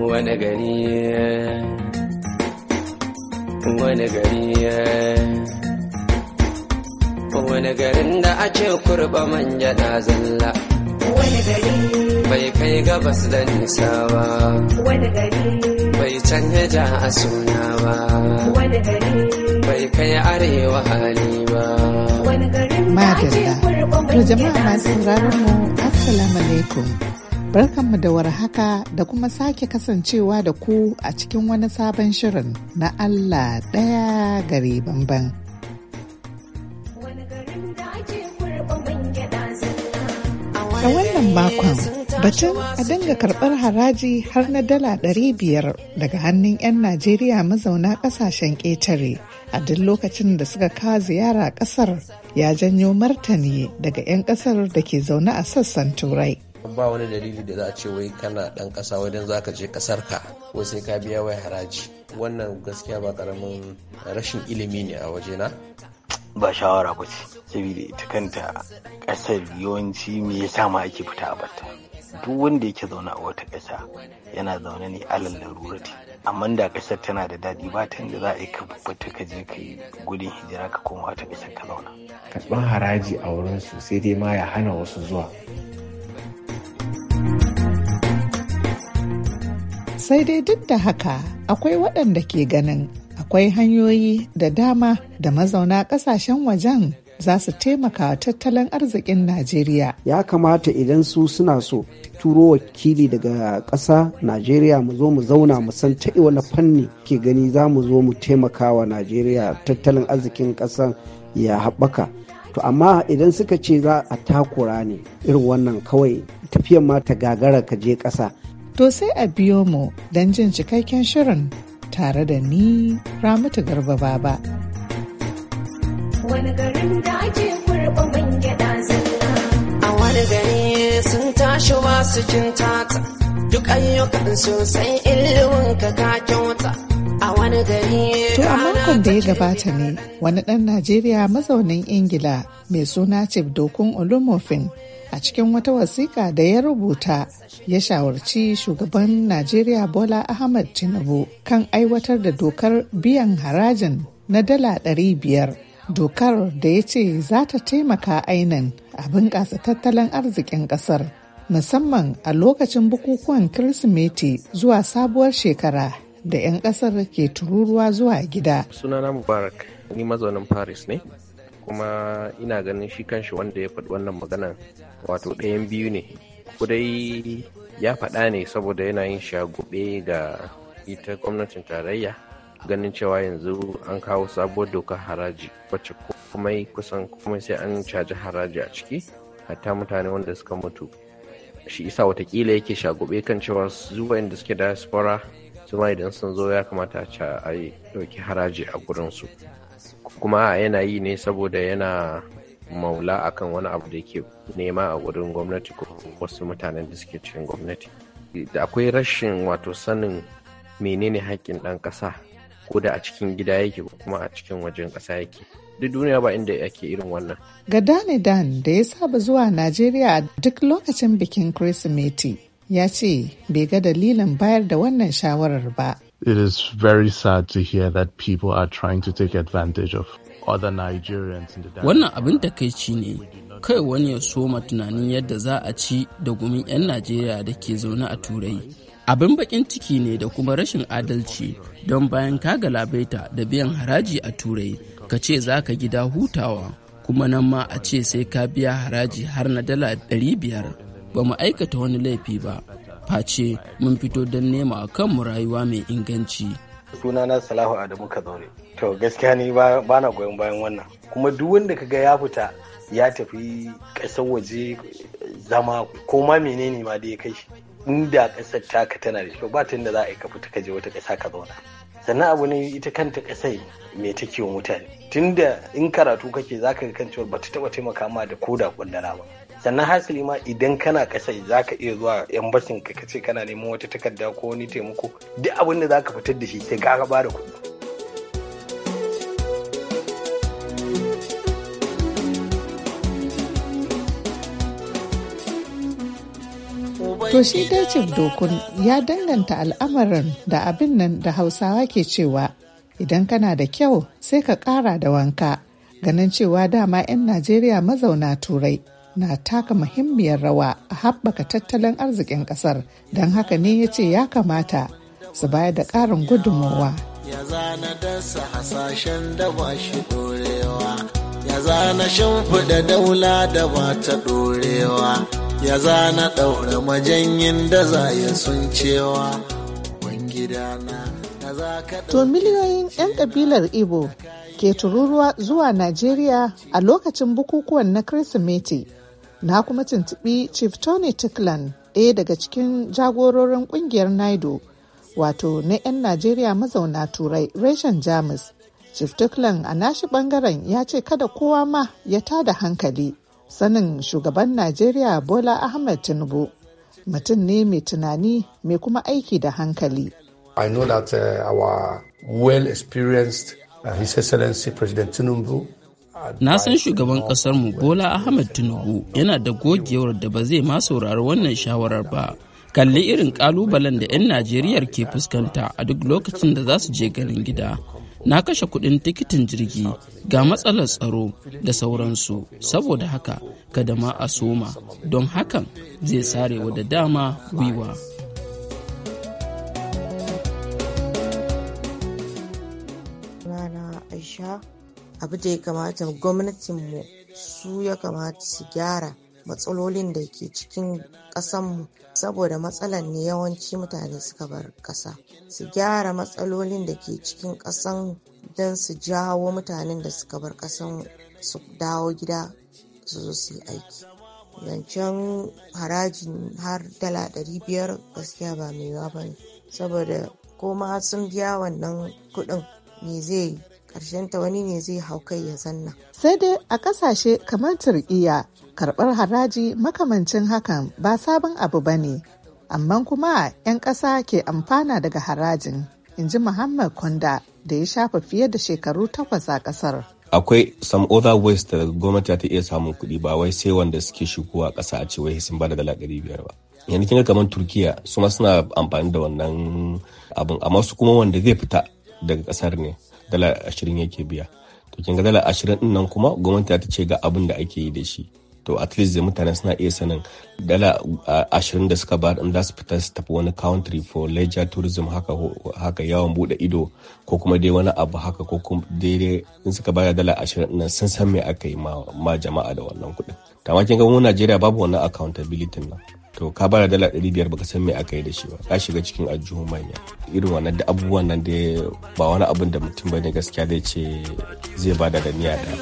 wani gari wani gari wani garin da a ce kurba manja na zalla wani gari bai kai gabas da nisa ba wani gari bai canja ja a suna ba wani gari bai kai arewa hali ba wani gari da a ce kurba manja na zalla jama'a masu sauraron mu assalamu alaikum Barkanmu da warhaka da kuma sake kasancewa da ku a cikin wani sabon shirin na Allah ɗaya gare bamban. A wannan makon batun a dinga karɓar haraji har na dala ɗari biyar daga hannun 'yan Najeriya mazauna ƙasashen ƙetare a duk lokacin da suka kawo ziyara ƙasar ya janyo martani daga 'yan ƙasar da ke zaune a sassan turai. ba wani dalili da za a ce wai kana dan kasa wajen za ka je kasar ka ko sai ka biya wai haraji wannan gaskiya ba karamin rashin ilimi ne a waje na ba shawara ba ce saboda ita kanta kasar yawanci me yasa ma ake fita a bata duk wanda yake zaune a wata kasa yana zaune ne alal larurati amma da kasar tana da daɗi ba ta inda za a yi ka fita ka je ka yi gudun hijira ka koma wata kasar ka zauna karɓar haraji a wurin su sai dai ma ya hana wasu zuwa sai dai duk da haka akwai waɗanda ke ganin akwai hanyoyi da dama da mazauna ƙasashen wajen za su taimaka wa tattalin arzikin Najeriya. Ya kamata idan su suna so turo wakili daga ƙasa Najeriya mu zo mu zauna mu san ta wani fanni ke gani za mu zo mu taimaka wa Najeriya tattalin arzikin ƙasan ya haɓaka. To amma idan suka ce za a takura ne irin wannan kawai tafiyan ma ta gagara ka je ƙasa. To sai a biyo mu don jin cikakken shirin tare da ni Ramatu Garba Baba. Wani garin da ake kurɓa man gyaɗa zalla. A wani gari sun tashi wasu cin tata, duk ayyukan sosai illumin ka ka kyauta. A wani gari To a makon da ya gabata ne wani ɗan Najeriya mazaunin Ingila mai suna Chip Dokun Olumofin a cikin wata wasiƙa da ya rubuta ya shawarci shugaban najeriya bola ahmad tinubu kan aiwatar da dokar biyan harajin na dala ɗari biyar, dokar da ya ce za ta taimaka ainin a bunƙasa tattalin arzikin ƙasar musamman a lokacin bukukuwan kirsimeti zuwa sabuwar shekara da 'yan ƙasar ke tururuwa zuwa gida sunana mubarak ni mazaunin paris ne kuma ina ganin shi kanshi wanda ya faɗi wannan magana wato ɗayan biyu ne dai ya faɗa ne saboda yana yin shagube ga ita gwamnatin tarayya ganin cewa yanzu an kawo sabuwar dokar haraji wacce kuma kusan kuma sai an caji haraji a ciki hatta mutane wanda suka mutu shi isa watakila yake shagube kan cewa zuwa inda suke diaspora su idan sun zo ya kamata a ɗauki haraji a gurinsu kuma yana yi ne saboda yana maula akan wani abu da yake nema a wurin gwamnati ko wasu mutanen da suke cikin gwamnati da akwai rashin wato sanin menene haƙƙin ɗan ƙasa ko da a cikin gida yake ko kuma a cikin wajen ƙasa yake duk duniya ba inda yake irin wannan. Ga Dane Dan da ya saba zuwa Najeriya duk lokacin bikin Kirsimeti ya ce bai ga dalilin bayar da wannan shawarar ba. It is very sad to hear that people are trying to take advantage of other Nigerians in the Wannan abin takaici ne, kai wani ya soma tunanin yadda za a ci da gumin 'yan Najeriya da ke zaune a Turai. Abin bakin ciki ne da kuma rashin adalci don bayan ka ga galabaita da biyan haraji a Turai, ka ce za ka gida hutawa, kuma nan ma a ce sai ka biya haraji har na dala 500 ba mu aikata wani laifi ba. face mun fito don nema a kanmu rayuwa mai inganci. sunana salahu adamu kazaure to gaskiya ne, ba na goyon bayan wannan kuma duk wanda ka ga ya fita ya tafi ƙasar waje zama ko ma menene ma da ya kai shi inda ƙasar taka tana da shi. ba ta da za a yi ka fita ka je wata ƙasa ka zauna sannan abu ne ita kanta ƙasai mai ta mutane tunda in karatu kake zaka ga kan cewa ba ta taɓa taimaka ma da koda kwandala ba sannan hasali ma idan kana kasa za ka iya zuwa yan basin ka kace kana neman wata takarda ko wani taimako duk abin da za ka fitar da shi sai ka ba da kuɗi To shi dacin dokun ya danganta al'amarin da abin nan da hausawa ke cewa idan kana da kyau sai ka ƙara da wanka ganin cewa dama 'yan Najeriya mazauna turai na taka muhimmiyar rawa a haɓaka tattalin arzikin ƙasar don haka ne ya ce ya kamata su bayar da ƙarin gudunmowa. Ya zana dasa hasashen da ba shi ɗorewa, ya zana shimfiɗa daula da ba ta ɗorewa, ya zana ɗaura majanyin da za ya sun cewa, To miliyoyin 'yan ƙabilar Igbo ke tururuwa zuwa Najeriya a lokacin bukukuwan na Kirsimeti na kuma tuntubi chief tony tiklan ɗaya daga cikin jagororin kungiyar naido wato na 'yan najeriya mazauna turai reshen jamus chief tiklan a nashi bangaren ya ce kada kowa ma ya tada hankali sanin shugaban najeriya bola ahmed tinubu mutum ne mai tunani mai kuma aiki da hankali i know that uh, our well experienced uh, his excellency president tinubu Na san shugaban ƙasarmu Bola Ahmed Tinubu yana da gogewar da ba zai ma saurari wannan shawarar ba. Kalli irin ƙalubalen da 'yan Najeriya ke fuskanta a duk lokacin da za su je ganin gida. Na kashe kuɗin tikitin jirgi ga matsalar tsaro da sauransu, saboda haka kada ma a soma don hakan zai sarewa da dama gwiwa. abu da ya kamata gwamnatinmu su ya kamata su gyara matsalolin da ke cikin ƙasanmu saboda matsalar ne yawanci mutane suka bar ƙasa su gyara matsalolin da ke cikin ƙasan don su jawo mutanen da suka bar ƙasan su dawo gida su zo su yi aiki zancen harajin har dala biyar gaskiya ba mai ba ne saboda ko ma sun biya wannan kuɗin me zai ta wani ne zai hau kai ya zanna. Sai dai a ƙasashe kamar Turkiyya karbar haraji makamancin hakan ba sabon abu ba ne, amma kuma 'yan ƙasa ke amfana daga harajin, in ji Muhammad Kunda da ya shafa fiye da shekaru takwas a ƙasar. akwai some other ways da gwamnati ta iya samun kuɗi ba wai sai wanda suke shigowa ƙasa a ce wai sun ba da biyar ba yanzu kinga kamar turkiya su ma suna amfani da wannan abin amma su kuma wanda zai fita daga ƙasar ne dala ashirin yake biya to kin ga dala ashirin din nan kuma gwamnati ta ce ga abin da ake yi da shi to at least da mutane suna iya sanin dala ashirin da suka ba in za su fita su tafi wani country for leisure tourism haka haka yawon bude ido ko kuma dai wani abu haka ko kuma daidai in suka ba dala ashirin nan sun san me aka yi ma jama'a da wannan kuɗin. Tamakin ga mu Najeriya babu wannan accountability nan. to ka bada dala ɗari biyar ka san me aka yi da shi ba ka shiga cikin aljihun manya irin wannan da abubuwan nan da ba wani abin da mutum bane gaskiya zai ce zai bada da niyya da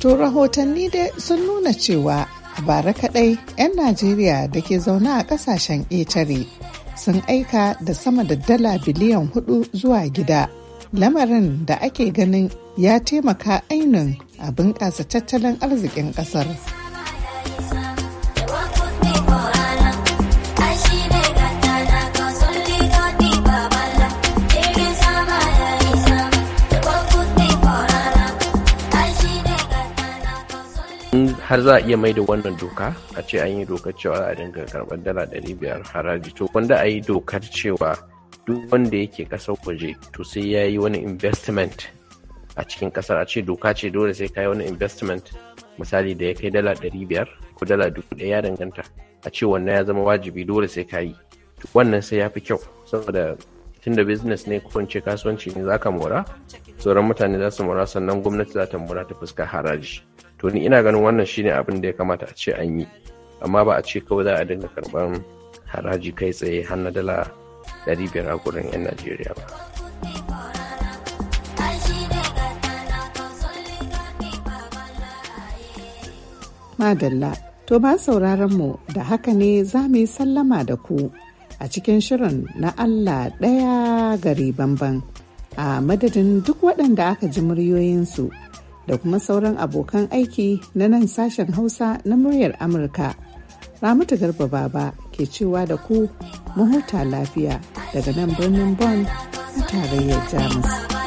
To rahotanni dai sun nuna cewa bara kadai 'yan najeriya da ke zaune a kasashen etare sun aika da sama da dala biliyan hudu zuwa gida lamarin da ake ganin ya taimaka ainin a bunƙasa tattalin arzikin ƙasar. har za a iya mai da wannan doka a ce an yi dokar cewa za a dinga karɓar dala ɗari biyar haraji to wanda a yi dokar cewa duk wanda yake ƙasar waje to sai ya yi wani investment a cikin ƙasar a ce doka ce dole sai ka yi wani investment misali da ya kai dala ɗari biyar ko dala dubu ɗaya ya danganta a ce wannan ya zama wajibi dole sai ka yi wannan sai ya fi kyau saboda tunda business ne ko ce kasuwanci ne za ka mora sauran mutane za su mora sannan gwamnati za ta mora ta fuska haraji to ni ina ganin wannan shine abin da ya kamata a ce an yi amma ba a ce kawai za a dinga karban haraji kai tsaye har na dala 500 a gurin 'yan najeriya ba madalla to ba sauraron mu da haka ne za mu yi sallama da ku a cikin shirin na allah ɗaya gari bamban a madadin duk waɗanda aka ji muryoyinsu da kuma sauran abokan aiki na nan sashen Hausa na muryar Amurka. Ramatu Garba Baba ke cewa da ku mahuta lafiya daga nan birnin Bonn na tarayyar Jamus.